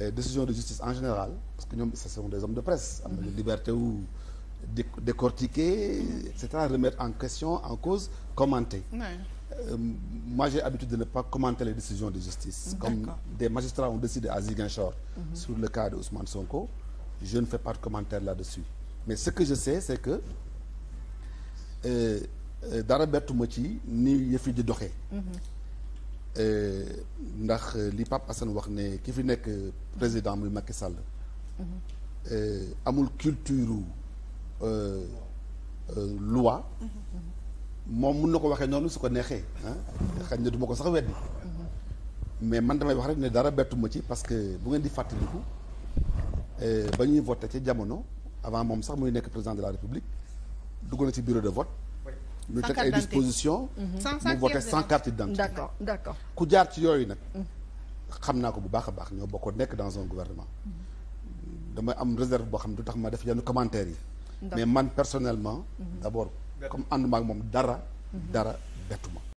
Euh, décision de justice en général parce que ñoom ce sont des hommes de presse mm-hmm. liberté wu décortiquer et remettre en question en cause commenter ouais. euh, moi j'ai l'habitude de ne pas commenter les décisions de justice mm-hmm. comme des magistrats ont décidé à Ziguinchor mm-hmm. sur le cas de Ousmane Sonko je ne fais pas de commentaire là-dessus mais ce que je sais c'est que euh, euh, dara bettu ma ci ni yëf yi di doxee Euh, ndax euh, li Pape Assane wax ne ki fi nekk euh, président muy Macky Sall. amul culture loi. moom mun na ko waxee noonu su ko neexee ah xañ na du ma ko sax weddi mais man damay wax rek ne dara bettuma ci parce que bu ngeen di fàttaliku ba ñuy voté ca jamono avant moom sax muy nekk président de la république dugg na ci bureau de vote. ñu teg ay disposition mhm. mu voté sans carte d'identité d'accord d'accord ku jaar ci yooyu nag mhm. xam naa ko bu baax a baax ñoo bokk nekk dans un gouvernement mhm. dama am réserve boo xam ne du tax ma def yenn commentaires yi mais man personnellement d'abord comme ànduma ak moom dara dara bettuma